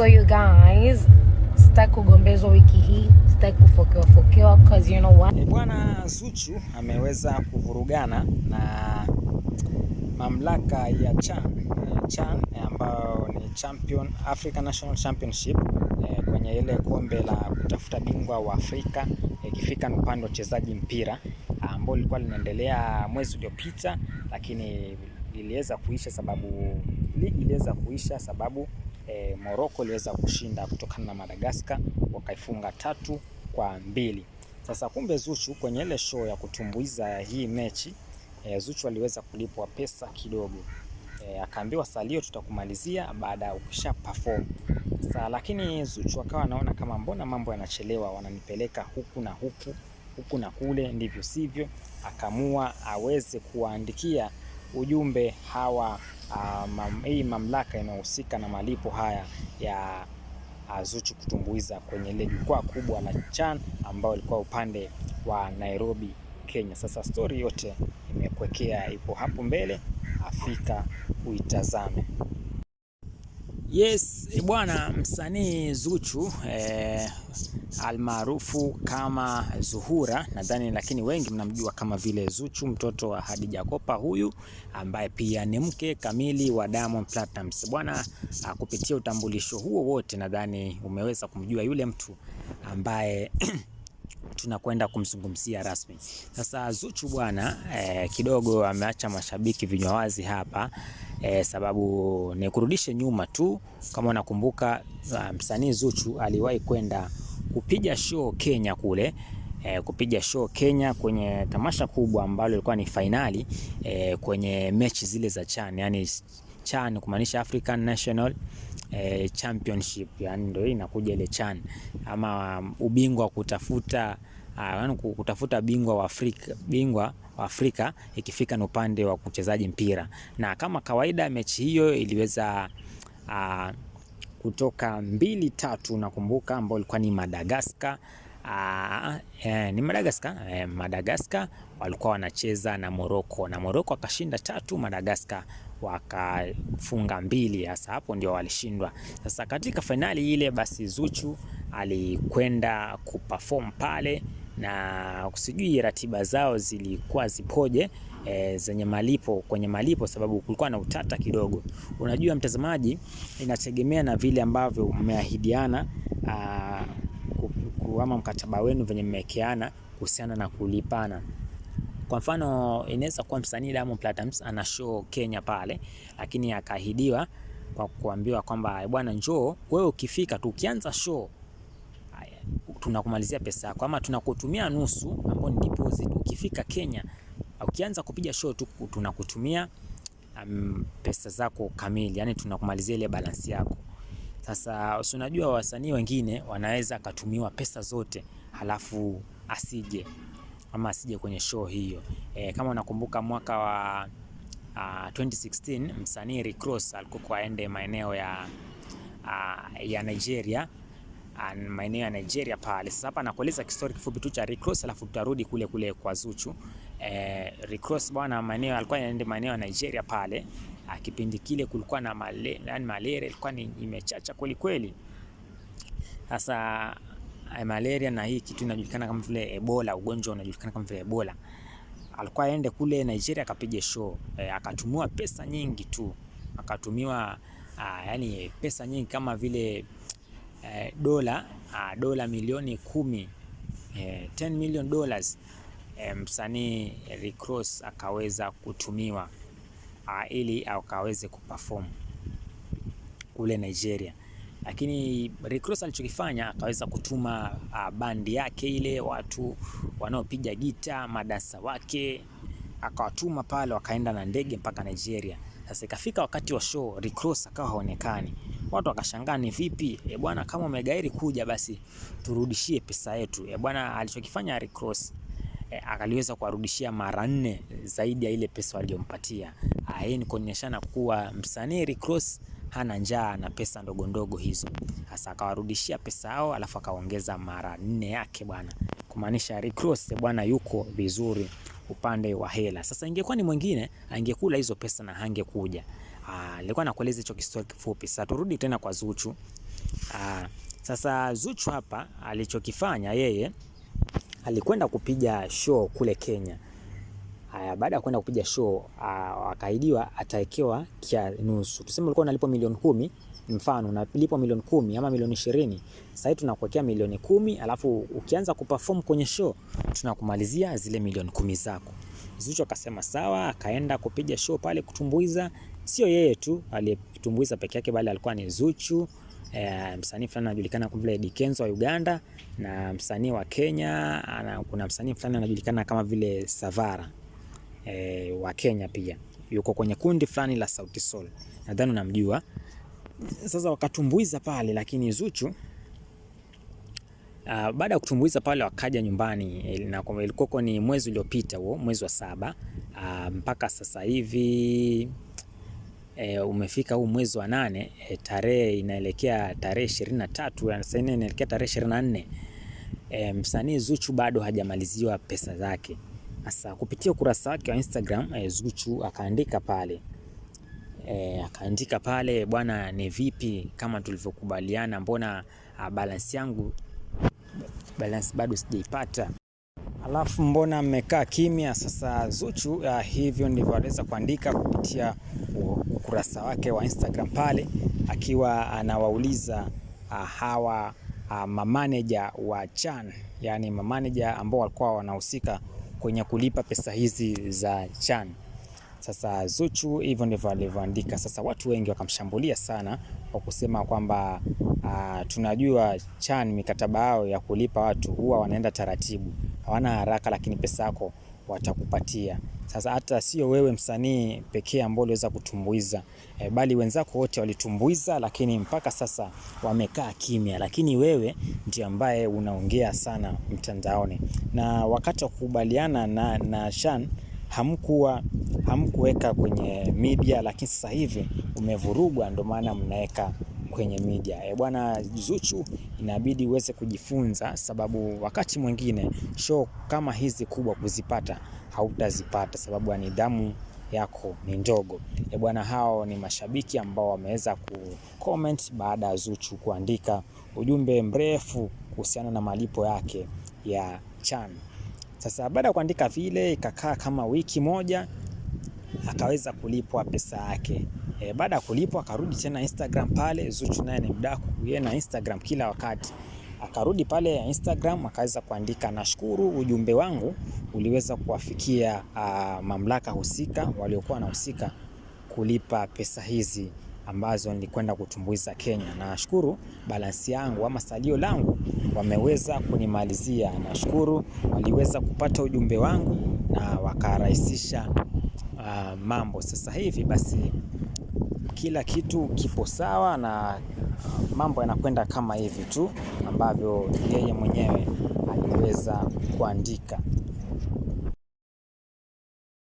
So you guys, sitaki kugombezwa wiki hii, sitaki kufokewa fokewa cause you know what. Eh, bwana Zuchu ameweza kuvurugana na mamlaka ya CHAN, eh, CHAN eh, ambao ni Champion African National Championship eh, kwenye ile kombe la kutafuta bingwa wa Afrika ikifika eh, upande wa wachezaji mpira ambao lilikuwa linaendelea mwezi uliopita, lakini liliweza kuisha sababu ligi iliweza kuisha sababu e, Morocco iliweza kushinda kutokana na Madagascar wakaifunga tatu kwa mbili. Sasa kumbe Zuchu kwenye ile show ya kutumbuiza hii mechi e, Zuchu aliweza kulipwa pesa kidogo e, akaambiwa salio tutakumalizia baada ya ukisha perform. Sasa lakini Zuchu akawa anaona kama mbona mambo yanachelewa, wananipeleka huku na huku huku na kule, ndivyo sivyo, akamua aweze kuwaandikia ujumbe hawa hii mamlaka inayohusika na malipo haya ya ah, Zuchu kutumbuiza kwenye ile jukwaa kubwa la Chan ambao ilikuwa upande wa Nairobi, Kenya. Sasa stori yote imekwekea ipo hapo mbele, afika uitazame. Yes bwana, msanii Zuchu eh, almaarufu kama Zuhura nadhani, lakini wengi mnamjua kama vile Zuchu, mtoto wa Hadija Kopa huyu ambaye pia ni mke kamili wa Diamond Platnumz bwana. Ah, kupitia utambulisho huo wote, nadhani umeweza kumjua yule mtu ambaye tunakwenda kumzungumzia rasmi. Sasa Zuchu bwana eh, kidogo ameacha mashabiki vinywa wazi hapa eh, sababu ni kurudishe nyuma tu, kama unakumbuka ah, msanii Zuchu aliwahi kwenda kupiga show Kenya kule E, kupiga show Kenya kwenye tamasha kubwa ambalo ilikuwa ni finali e, kwenye mechi zile za CHAN, yani CHAN kumaanisha African National e, Championship, yani ndio inakuja ile CHAN ama um, ubingwa wa kutafuta Ah, yaani kutafuta bingwa wa Afrika, bingwa wa Afrika ikifika ni upande wa kuchezaji mpira, na kama kawaida mechi hiyo iliweza uh, kutoka mbili tatu, nakumbuka ambao ilikuwa ni Madagascar Aa, ah, eh, ni Madagascar eh, Madagascar walikuwa wanacheza na Morocco na Morocco akashinda tatu Madagascar wakafunga mbili. hasa hapo ndio walishindwa. Sasa katika fainali ile, basi Zuchu alikwenda kuperform pale na sijui ratiba zao zilikuwa zipoje, e, zenye malipo kwenye malipo, sababu kulikuwa na utata kidogo. Unajua mtazamaji, inategemea na vile ambavyo mmeahidiana ah, ama mkataba wenu venye mmewekeana kuhusiana na kulipana. Kwa mfano inaweza kuwa msanii Diamond Platnumz ana show Kenya pale, lakini akaahidiwa kwa kuambiwa kwamba bwana, njoo wewe, ukifika tu ukianza show tunakumalizia pesa yako ama tunakutumia nusu ambayo ni deposit. Ukifika Kenya ukianza kupiga show tu tunakutumia um, pesa zako kamili, yani tunakumalizia ile balance yako. Sasa si unajua wasanii wengine wanaweza akatumiwa pesa zote halafu asije ama asije kwenye show hiyo. E, kama unakumbuka mwaka wa uh, ah, 2016 msanii Rick Ross alikuwa aende maeneo ya uh, ya Nigeria ah, maeneo ya Nigeria pale. Sasa hapa nakueleza kistory kifupi tu cha Rick Ross alafu tutarudi kule kule kwa Zuchu. Eh, Rick Ross bwana, maeneo alikuwa anaenda maeneo ya Nigeria pale. Kipindi kile kulikuwa na male, yani malaria ilikuwa ni imechacha kweli kweli. Sasa Eh, malaria na hii kitu inajulikana kama vile Ebola, ugonjwa unajulikana kama vile Ebola. Alikuwa aende kule Nigeria akapiga show e, eh, akatumiwa pesa nyingi tu akatumiwa ah, yani pesa nyingi kama vile e, dola a, ah, dola milioni kumi e, 10 million dollars e, msanii Rick Ross akaweza kutumiwa a, ah, ili akaweze kuperform kule Nigeria lakini Rick Ross alichokifanya akaweza kutuma uh, ah, bandi yake ile, watu wanaopiga gita, madansa wake akawatuma pale, wakaenda na ndege mpaka Nigeria. Sasa ikafika wakati wa show, Rick Ross akawa haonekani, watu wakashangaa, ni vipi e bwana, kama umegairi kuja basi turudishie pesa yetu e bwana. Alichokifanya Rick Ross e, akaliweza kuwarudishia mara nne zaidi ya ile pesa waliompatia. Ah, hii ni kuonyeshana kuwa msanii Rick hana njaa na pesa ndogo ndogo hizo. Sasa akawarudishia pesa yao, alafu akaongeza mara nne yake bwana, kumaanisha Rick Ross bwana yuko vizuri upande wa hela. Sasa ingekuwa ni mwingine angekula hizo pesa na hangekuja. Ah, nilikuwa nakueleza hicho kistori kifupi. Sasa turudi tena kwa Zuchu. Aa, ah, sasa Zuchu hapa alichokifanya yeye alikwenda kupiga show kule Kenya. Haya, baada ya kwenda kupiga show ah, akaidiwa atawekewa kia nusu. Tuseme ulikuwa unalipwa milioni kumi, mfano unalipwa milioni kumi ama milioni ishirini, sasa hivi tunakuwekea milioni kumi, alafu ukianza kuperform kwenye show tunakumalizia zile milioni kumi zako. Zuchu akasema sawa, akaenda kupiga show pale kutumbuiza. Sio yeye tu aliyetumbuiza peke yake, bali alikuwa ni Zuchu E, msanii fulani anajulikana kama vile Dikenzo wa Uganda na msanii wa Kenya ana, kuna msanii fulani anajulikana kama vile Savara e, wa Kenya pia yuko kwenye kundi fulani la Sauti Sol, nadhani unamjua. Sasa wakatumbuiza pale, lakini Zuchu uh, baada ya kutumbuiza pale wakaja nyumbani, eh, na ilikuwa ni mwezi uliopita huo, mwezi wa saba uh, mpaka sasa hivi E, umefika huu mwezi wa nane e, tarehe inaelekea tarehe ishirini na tatu inaelekea tarehe ishirini na nne msanii Zuchu bado hajamaliziwa pesa zake. Asa, kupitia ukurasa wake wa Instagram eh, Zuchu akaandika pale eh, akaandika pale bwana, ni vipi kama tulivyokubaliana, mbona ah, balance yangu balance bado sijaipata, alafu mbona mmekaa kimya? Sasa Zuchu ah, hivyo ndivyo aliweza kuandika kupitia ukurasa wake wa Instagram pale, akiwa anawauliza ah, hawa ah, mamaneja wa Chan, yani mamaneja ambao walikuwa wanahusika kwenye kulipa pesa hizi za CHAN. Sasa Zuchu hivyo ndivyo alivyoandika. Sasa watu wengi wakamshambulia sana kwa kusema kwamba ah, tunajua CHAN mikataba yao ya kulipa watu huwa wanaenda taratibu, hawana haraka, lakini pesa yako watakupatia. Sasa hata sio wewe msanii pekee ambao uliweza kutumbuiza e, bali wenzako wote walitumbuiza, lakini mpaka sasa wamekaa kimya, lakini wewe ndio ambaye unaongea sana mtandaoni. Na wakati wa kukubaliana na, na Shan hamkuwa hamkuweka kwenye media, lakini sasa hivi umevurugwa, ndio maana mnaweka kwenye media. E bwana Zuchu, inabidi uweze kujifunza, sababu wakati mwingine show kama hizi kubwa kuzipata hautazipata, sababu ya nidhamu yako ni ndogo. E bwana, hao ni mashabiki ambao wameweza comment baada ya Zuchu kuandika ujumbe mrefu kuhusiana na malipo yake ya Chan. Sasa baada ya kuandika vile, ikakaa kama wiki moja akaweza kulipwa pesa yake. E, baada ya kulipwa akarudi tena Instagram pale. Zuchu naye ni mdaku, yeye na Instagram kila wakati. Akarudi pale ya Instagram akaweza kuandika, nashukuru ujumbe wangu uliweza kuwafikia uh, mamlaka husika waliokuwa wanahusika kulipa pesa hizi ambazo nilikwenda kutumbuiza Kenya. Nashukuru balansi yangu ama salio langu wameweza kunimalizia. Nashukuru waliweza kupata ujumbe wangu na wakarahisisha uh, mambo sasa hivi basi kila kitu kipo sawa na uh, mambo yanakwenda kama hivi tu ambavyo yeye mwenyewe aliweza kuandika.